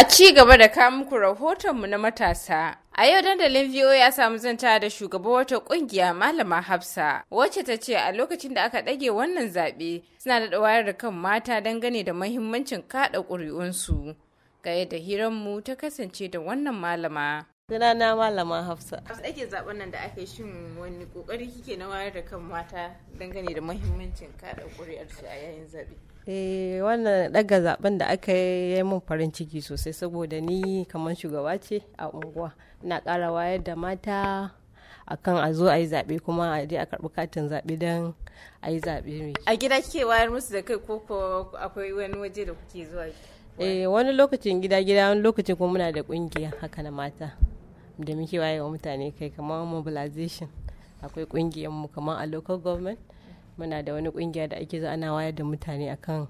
A ci gaba da kawo muku rahotonmu na matasa. A yau dandalin VO ya samu zanta da shugaban wata kungiya Malama Hafsa, wacce ta ce a lokacin da aka ɗage wannan zaɓe suna da wayar da kan mata dangane da mahimmancin kaɗa ƙuri'unsu. Ga yadda hiranmu ta kasance da wannan malama. Suna na malama Hafsa. Hafsa ake zaɓen nan da aka yi shin wani kokari kike na wayar da kan mata dangane da muhimmancin kada ƙuri'ar su a yayin zaɓe? Eh wannan daga zaben da aka yi min mun farin ciki sosai saboda ni kamar shugaba ce a unguwa. Na ƙara wayar da mata akan a zo a yi zaɓe kuma a je a karɓi katin zaɓe don a yi zaɓe mai. A gida kike wayar musu da kai ko ko akwai wani waje da kuke zuwa? Eh wani lokacin gida gida wani lokacin kuma muna da ƙungiya haka na mata. da muke waye wa mutane kai kamar mobilization akwai kungiyar mu kamar a local government muna da wani kungiya da ake ana wayar da mutane akan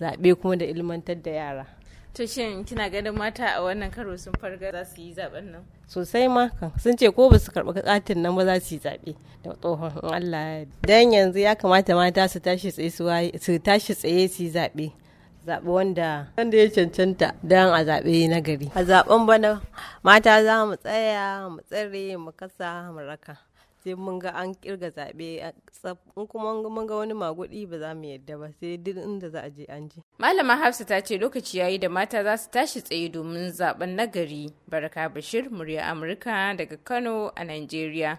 zaɓe kuma da ilmantar da yara to shin kina ganin mata a wannan karo sun farga za su yi zaben nan sosai ma kan sun ce ko ba su karɓi katin nan ba za su yi zaɓe da tsohon Allah dan yanzu ya kamata mata su tashi tsaye su tashi tsaye su yi zaɓe zaɓi wanda wanda ya cancanta don a zaɓe na gari a zaɓen bana mata za mu tsaya mu tsare mu kasa mu raka sai mun ga an kirga zaɓe in kuma mun ga wani magudi ba za mu yadda ba sai duk inda za a je an je. Malama Hafsa ta ce lokaci yayi da mata za su tashi tsaye domin zaɓen nagari. Baraka Bashir, murya Amurka daga Kano a Najeriya.